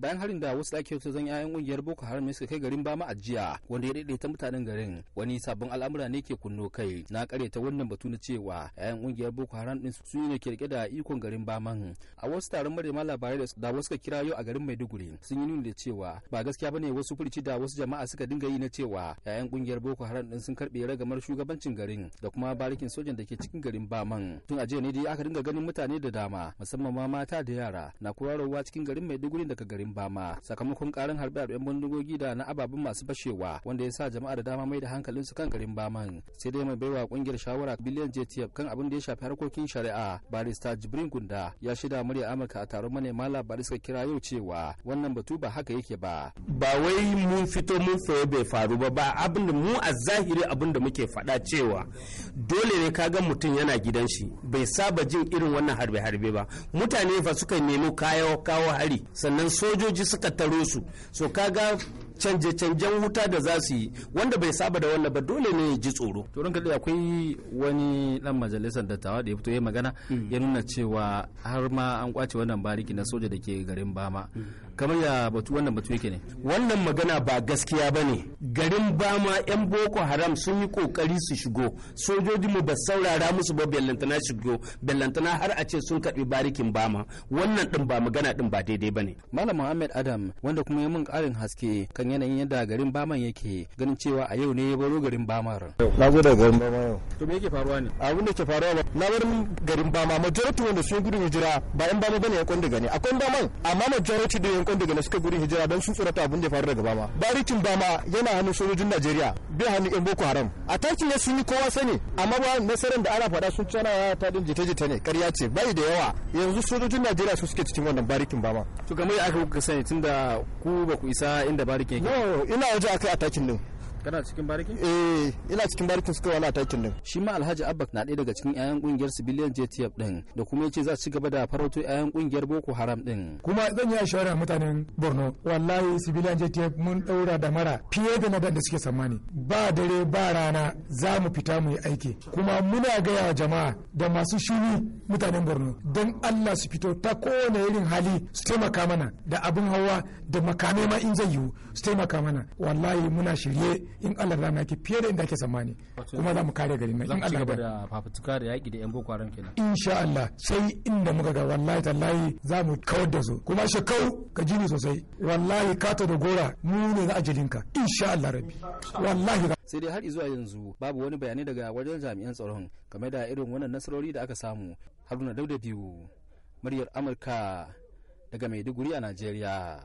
bayan harin da wasu ɗaki ta zan yayan ƙungiyar boko haram ne suka kai garin bama a jiya wanda ya daidaita mutanen garin wani sabon al'amura ne ke kunno kai na ta wannan batu na cewa yayan ƙungiyar boko haram din su ne ke rike da ikon garin baman a wasu taron manema labarai da wasu ka kira yau a garin maiduguri sun yi nuni da cewa ba gaskiya bane wasu furici da wasu jama'a suka dinga yi na cewa yayan ƙungiyar boko haram din sun karɓe ragamar shugabancin garin da kuma barikin sojan da ke cikin garin baman tun a jiya ne dai aka dinga ganin mutane da dama musamman ma mata da yara na kurarowa cikin garin maiduguri daga garin Bama sakamakon karin harbe-harben bindigogi da na ababen masu fashewa wanda ya sa jama'a da dama mai da hankalin su kan garin Baman sai dai mai baiwa kungiyar shawara biliyan JTF kan abin da ya shafi harkokin shari'a barista Jibrin Gunda ya shida murya Amurka a taron manema labarai suka kira yau cewa wannan batu ba haka yake ba ba wai mun fito mun faye bai faru ba ba abin da mu a zahiri abin da muke faɗa cewa dole ne ga mutum yana gidan shi bai saba jin irin wannan harbe-harbe ba mutane fa suka nemo kayo kawo hari sannan so sojoji suka taro su so kaga canje-canjen wuta da za su yi wanda bai saba da wannan ba dole ne ya ji tsoro. to ranka akwai wani dan majalisar dattawa da ya fito ya magana ya nuna cewa har ma an kwace wannan bariki na soja da ke garin bama kamar ya batu wannan batu yake ne. wannan magana ba gaskiya ba ne garin bama yan boko haram sun yi kokari su shigo sojoji mu ba saurara musu ba bellantana shigo bellantana har a ce sun karbi barikin bama wannan din ba magana din ba daidai ba ne. malam muhammad adam wanda kuma ya mun karin haske kan yanayin yadda garin Baman yake ganin cewa a yau ne ya baro garin Bamar. Na zo daga garin Bama yau. To me yake faruwa ne? Abin da ke faruwa ba na bar garin Bama majority wanda sun gudu hijira ba yan Bama bane ya kwanda gani. Akwai Baman amma majority da yan kwanda gani suka gudu hijira don sun tsorata abin da ya faru daga Bama. Barikin Bama yana hannun sojojin Najeriya bai hannun yan Boko Haram. A takin ne sun yi kowa sani amma ba nasarar da ana faɗa sun cana ta din jita-jita ne ƙarya ce bai da yawa yanzu sojojin Najeriya su suke cikin wannan barikin Bama. To kamar aka kuka sani tunda ku ba ku isa inda barikin no ina waje akai takin din kana cikin barikin eh ina cikin barikin suka wani atakin din shi ma alhaji abba na ɗaya daga cikin ƴaƴan kungiyar civilian jtf din da kuma yace za su cigaba da farauto ƴaƴan kungiyar boko haram din kuma zan yi shawara mutanen borno wallahi civilian jtf mun daura da mara fiye da nadan da suke tsammani ba dare ba rana za mu fita mu yi aiki kuma muna gaya wa jama'a da masu shiri mutanen borno don allah su fito ta kowane irin hali su taimaka mana da abin hawa da makamai ma in zai yiwu su taimaka mana wallahi muna shirye in Allah da mu yake fiye da inda ake tsammani kuma za mu kare garin nan in Allah da fafutuka da yaki da yan boko haram kenan insha Allah sai inda muka ga wallahi tallahi za mu kawar da su kuma kau ka jini sosai wallahi kato da gora mu ne za a jilinka insha Allah rabbi wallahi sai dai har zuwa yanzu babu wani bayani daga wajen jami'an tsaron game da irin wannan nasarori da aka samu haruna dauda biyu muryar amurka daga maiduguri a najeriya